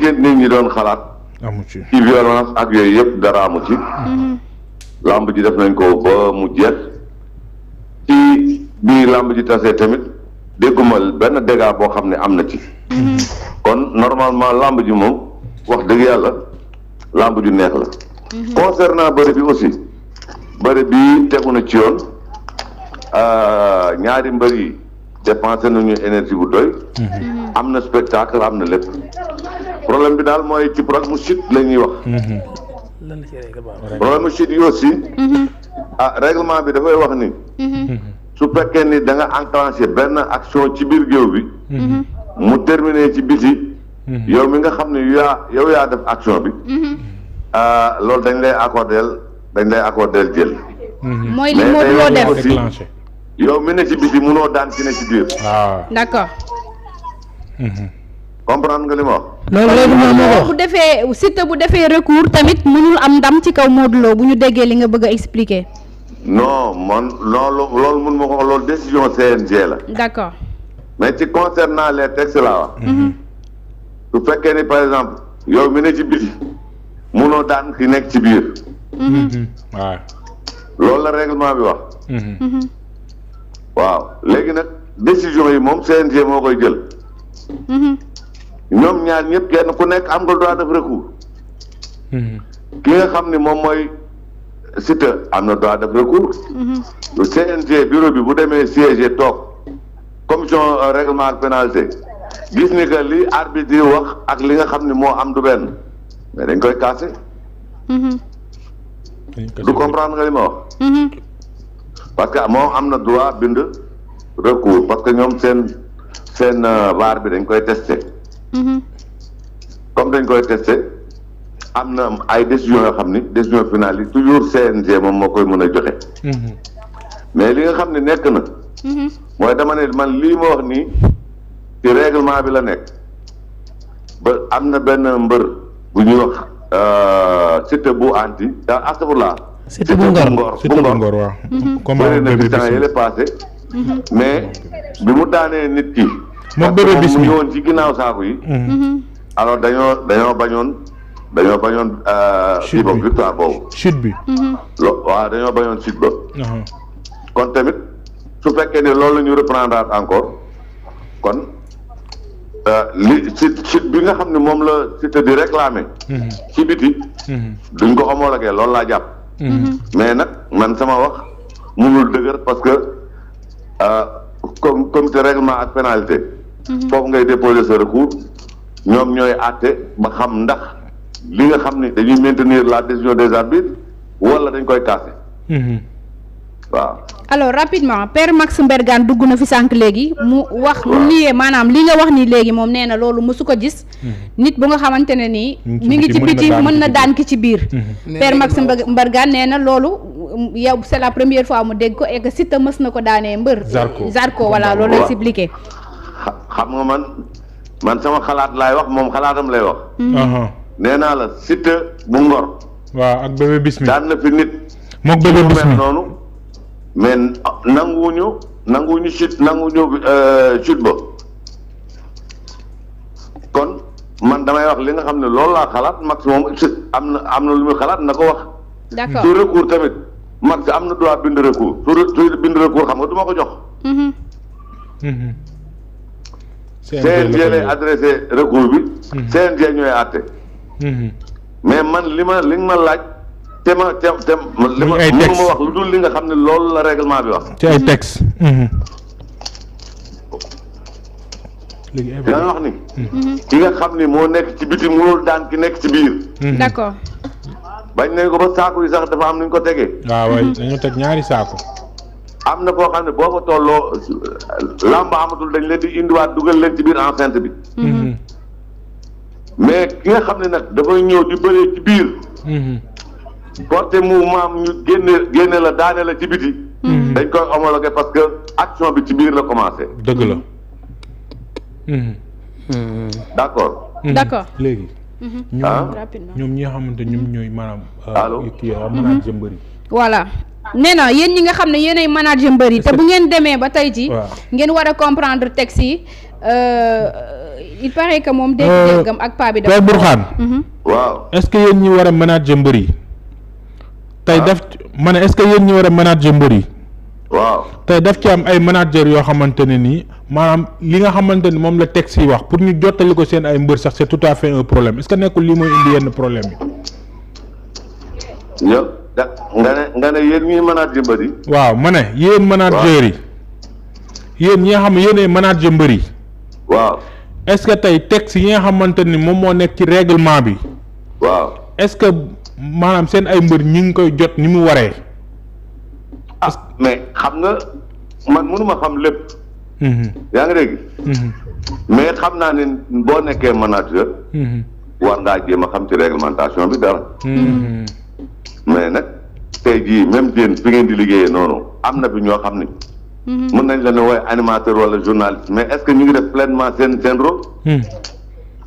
gën nit ñi doon xalaat. amu ci violence ak yooyu yëpp dara amu ci. Mhm. làmb ji def nañ ko ba mu jeex ci bii làmb ji tasee tamit dégguma benn dégât boo xam ne am na ci. Mhm. kon normalement làmb ji moom wax dëgg yàlla làmb ju neex la. Mhm. concernant bëri bi aussi bëri bi tegu na ci yoon euh, ñaari mbër yi dépensé nañu énergie bu doy. am na spectacle am na lépp. problème bi daal mooy ci problème mu chute la ñuy wax. problème mu chute yi aussi. Mhm. ah règlement bi dafay wax ni. Mhm. su fekkee ni da nga benn action ci biir géew bi. Mhm. mu terminé ci biti. yow mi nga xam ne yaa yow yaa def action bi. Ah loolu dañ lay accordé dañ lay accordé jël. mooy li Modou Lo def yow mi ne ci biti munoo daan ci ne ci biir. Ah. d'accord. comprendre nga li ma loolu léegi moom moo bu defee Siteu bu defee recours tamit mënul am ndam ci kaw Modou bu ñu déggee li nga bëgg a expliquer. non man loolu loolu mun ma ko wax loolu décision CNG la. d'accord. mais ci concernant les textes laa wax. Mhm. Mhm. su fekkee ni par exemple yow mi ne ci biti munoo daan ki nekk ci biir. Mhm. loolu la règlement bi wax. waaw léegi nag décision yi moom CNG moo koy jël. ñoom ñaar ñëpp kenn ku nekk am nga droit def recours. Hmm. ki nga xam ni moom mooy Siteu am na droit def recours. le hmm. CNG bureau bi bu demee siège toog commission euh, règlement ak pénalité gis ni que li arbitre yi wax ak li nga xam ni moo am du benn mais dañ koy cassé. Hmm. du comprendre nga li ma wax. parce que moom am na droit bind recours parce que ñoom seen seen euh, VAR bi dañ koy testé. Mm-hmm. comme dañ koy testé am na ay décision yoo xam ni décision finale yi toujours CNG moom moo koy mën a joxe. Mm-hmm. mais li nga xam ne nekk na. Mm-hmm. mooy dama man lii ma wax nii ci règlement bi la nekk ba am na benn mbër bu ñuy wax euh, Siteu bu anti euh, astafurlaa. Siteu bu Ngor Siteu bu Ngor waaw. comme na fi temps yële passé mais bi daanee nit ki. moom bébé bis ci ginnaaw saako yi. Mm-hmm. Mm-hmm. alors dañoo dañoo bañoon dañoo bañoon. Euh, chute bi victoire boobu. chute bi. Mm-hmm. lo waaw dañoo bañoon chute ba. Uh-huh. kon tamit su fekkee ne loolu la ñu reprendre encore kon euh, li chute chute bi nga xam ne moom la Siteu di réclamer. ci biti. duñ ko homologué loolu laa jàpp. mais nag man sama wax mënul dëgër parce que euh, comme comité règlement ak pénalité. Mhm. foofu ngay déposer sa recours ñoom ñooy àtte ba xam ndax li nga xam ni dañuy maintenir la décision des arbitres wala dañ koy casser. Mhm. waaw. alors rapidement père Max dugg na fi sànq léegi mu wax lu liyee maanaam li nga wax ni léegi moom nee na loolu mosu ko gis mhm. nit bu nga xamante ne nii mu ngi ci biti mën na daan ki ci biir père Max Mbergane nee na loolu yow c'est la première fois mu dégg ko et que Siteu mës na ko daanee mbër Zarko voilà loolu lay expliqué xam nga man man sama xalaat laay wax moom xalaatam lay wax. Hmm. Uh-huh. nee naa la Siteu bu Ngor. waaw ak bébé bismi daan na fi nit. moog bébé bismi noonu. mais nanguwuñu nanguwuñu euh, chute ba kon man damay wax li nga xam ne loolu laa xalaat Max moom am na lu muy xalaat na ko wax. d'accord su recours tamit Max am na droit bind recours su bind recours xam nga du ko jox. Mm-hmm. Mm-hmm. CNG lay recours bi. CNG mhm. ñooy àtte. Mhm. mais man li ma li ma laaj. te ma te te li ma mënuma wax lu dul li nga xam ne loolu la règlement bi wax. ci ay texte. Mhm. léegi ay daan wax ni. ki nga xam ni moo nekk ci biti mënul daan ki nekk ci biir. d'accord. bañ nañ ko ba saako yi sax dafa am nuñ ko tegee. waaw ah, waay dañoo teg ñaari saako. am na koo xam ne boo fa tolloo làmb amatul dañ leen di indiwaat dugal leen ci biir enceinte bi. Mm-hmm. mais ki nga xam ne nag dafay ñëw di bëree ci biir. Mm-hmm. porté mouvement ñu génne génne la daane la ci biti. Mm-hmm. dañ koy homologué parce que action bi ci biir la commencé. dëgg la. d' accord. d' accord léegi. Ah. ñoom ñoom ñi nga xamante ñoom ñooy maanaam. allo euh, kii waaw mën naa jëmbëri. voilà nee na yéen ñi nga xam ne yéenay manager mbër yi te bu ngeen demee ba tey ji ngeen war a comprendre texte yi euh, il paraît que moom dégg-déggam euh, ak paa bi dafa burxaan mhm. waaw est-ce que yéen ñi war a manager mbër yi tey daf ma ne ce que yéen ñi war a manager mbër yi waaw tey daf ci am ay manager yoo xamante ne nii maanaam li nga xamante ni moom la texte yi wax pour ñu jottali ko seen ay mbër sax c'est tout à fait un problème est nekkul lii mooy indi yenn problème yi nga ne nga ne yéen ñuy manager mbër waaw ma ne yéen manager yi. yéen ñi nga xam ne yéenay manager mbër yi. waaw est-ce que tey texte yi nga xamante ni moom moo nekk ci règlement bi. waaw est-ce que maanaam seen ay mbër ñu ngi koy jot ni mu waree. ah mais xam nga man mënuma xam lépp. Mhm. yaa ngi dégg. Mhm. mais xam naa ne boo nekkee manager. Mhm. war ngaa jéem a xam ci réglementation bi dara. mais nag tey jii même yéen fi ngeen di liggéeyee noonu am na bi ñoo xam ni. Mhm. mën nañ la ne waaye animateur wala journaliste mais est-ce que ñu ngi def pleinement seen seen rôle. Hmm.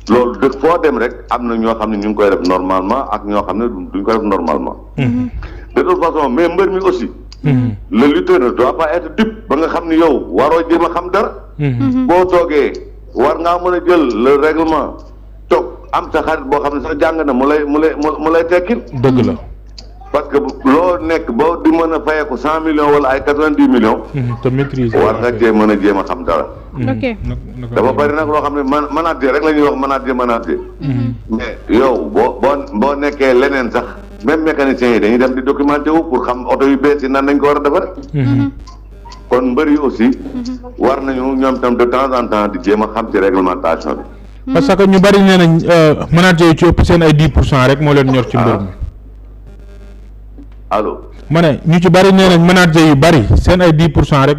loolu de foo dem rek am na ñoo xam ne ñu ngi koy def normalement ak ñoo xam ne duñ koy def normalement. Hmm. Mhm. de toute façon mais mbër mi aussi. Hmm. le lutteur ne doit pas être dupe ba nga xam ni yow waroo jéem a xam dara. Mhm. boo toogee war ngaa mën jël le règlement toog am sa xarit boo xam ne sax jàng na mu lay mu lay mu lay tekkil. dëgg la. parce que loo nekk ba di mën a fayeeku cent million wala ay quatre-vingt-dix millions. Mhm, te maîtriser war nga cee mën a jéem a xam dara. Mhm. ok dafa bari nag loo xam ne man manager rek la ñuy wax manager manager. Mhm. mais yow boo boo boo nekkee leneen sax même mécaniciens yi dañuy dem di documenté wu pour xam oto yu bees yi nan nañ ko war a defar. kon mbër yi aussi. war nañu ñoom tam de temps en temps di jéem a xam ci réglementation bi. parce que ñu bari nee nañ euh, manager yi ci leen ñor ci allo. ma ne ñu ci bari nee nañ manager yu bari seen ay dix pour cent rek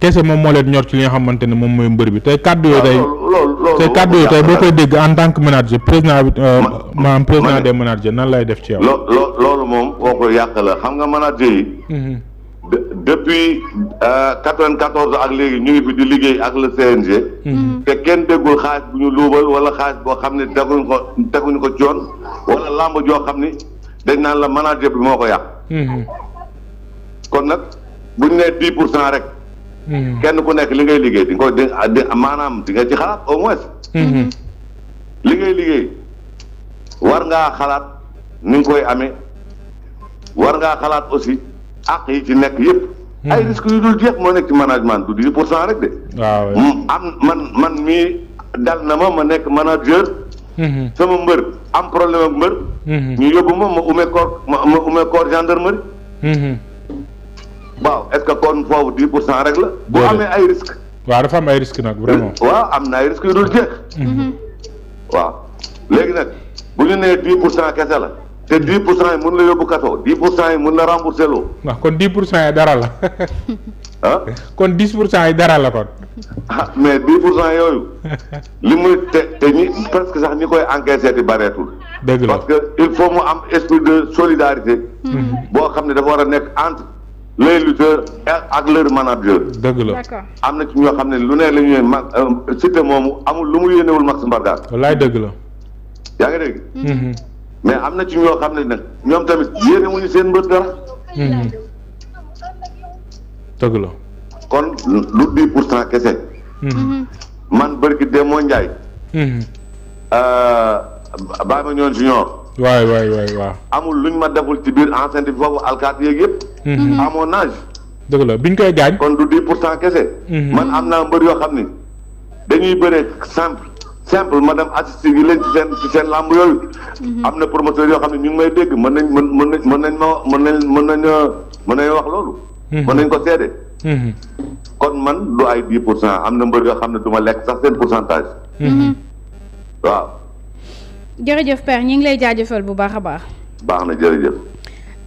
kese moom moo leen ñor ci li nga xamante ne moom mooy mbër bi tey kaddu yooyu. tey ah, tey kaddu yooyu tey boo koy dégg en tant que manager président bi. Euh, maanaam président des managers nan lay def ci yow. loo loolu moom kooku yàq la xam nga manager yi. Mm-hmm. depuis euh, quatre-vingt-quatorze ak léegi ñu ngi fi di liggéey ak le CNG. Mm-hmm. Mm-hmm. te kenn déggul xaalis bu ñu luubal wala xaalis boo xam ne teguñ ko teguñ ko coon wala làmb joo xam ni dañ naan la manager bi moo ko yàq. Mm-hmm. kon nag bu ñu nee dix pour cent rek. Mm-hmm. kenn ku nekk li ngay liggéey di nga ko di maanaam di nga ci xalaat au moins. Mm-hmm. liggéey liggéey war ngaa xalaat ni nga koy amee war ngaa xalaat aussi àq yi ci nekk yëpp. ay risques yu dul jeex moo nekk ci management du di pour cent rek de. waaw mm, am man man mii dal na ma ma nekk manager. Mm-hmm. sama mbër am problème ak mbër. Mm-hmm. ñu yóbbu ma ma umee corps ma ma corps gendarmerie. Mm-hmm. waaw est-ce que kon foofu dix pour cent rek la. bu amee ay risques. waaw dafa am ay risques nag vraiment. waaw am na ay risques yu dul jeex. waaw léegi nag bu ñu nee dix pour cent kese la. te dix pour cent yi mën la yóbbu kaso dix pour cent yi mun la rembourser loo. waaw kon dix pour cent yi dara la. ah. kon dix pour cent yi dara la kon. ah mais dix pour cent yooyu li muy te te ñi presque sax ñi koy encaissé di bareetul. dëgg la parce que il faut mu am esprit de solidarité. Mhm. boo xam ne dafa war a nekk entre les lutteurs ak leur manager. dëgg la am na ci ñoo xam ne lu ne la ñuy mag Siteu euh, moomu amul lu mu yéenewul Max Mbargane. wallaay dëgg la. yaa ngi dégg. Mhm. mais am na ci ñoo xam ne ñoom tamit yéenewuñu seen mbët dara. Mhm. dëgg la kon lu dix pour cent kese. Mm-hmm. man bërki Demba Ndiaye. baa ma ñoon junior. waay waay waa waaw. amul ñu ma deful ci biir enceinte bi foofu alkaati yeeg yëpp. Mm-hmm. à mon âge. dëgg la biñ koy gaañ. kon du dix pour cent kese. Mm-hmm. man am naa mbër yoo xam ni dañuy bëree simple simple ma dem assister yi leen ci seen ci seen làmb yooyu. am na promoteur yoo xam ne ñu ngi may dégg mën nañ mën mën nañ mën nañ ma mën nañ mën nañ mën nañ wax loolu. mën mhm. nañ ko seede mhm. kon man lu ay dix pour cent am na mbër yoo xam ne du ma lekk sax seen pourcentage mhm. waaw jërëjëf Père ñi ngi lay jaajëfal bu baax a baax baax na jërëjëf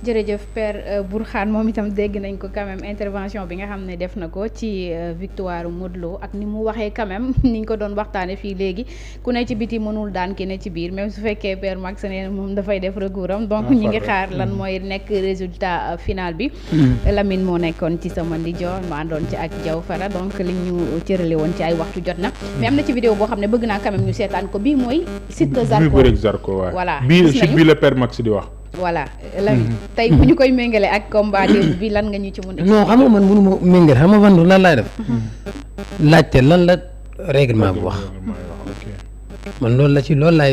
jërëjëf Père euh, Bourkhane moom itam dégg nañ ko quand intervention bi nga xam ne def na ko ci euh, victoire Modou Lo ak ni mu waxee quand ni ñu ko doon waxtaanee fii léegi ku ne ci biti mënul daan ki ci biir même su fekkee Père Max ne moom dafay def recours am donc ah, ñi ngi xaar lan mm. mooy nekk résultat euh, final bi. Mm. Lamine moo nekkoon ci sama ndijoor ma ndoon ci ak Diaw Fara donc li ñu cërale woon ci ay waxtu jot na. Mm. mais am na ci vidéo boo xam ne bëgg naa quand même ñu seetaan ko bii mooy. site Zarko bii voilà bii ci bii la di wax. voilà euh, la mhm. tey bu ñu mhm. koy méngale ak combat bi lan nga ñu ci mën a. non man mënu ma méngale xam nga man lan laay def. Mhm. laajte lan la règlement bu wax. man loolu la ci loolu laay.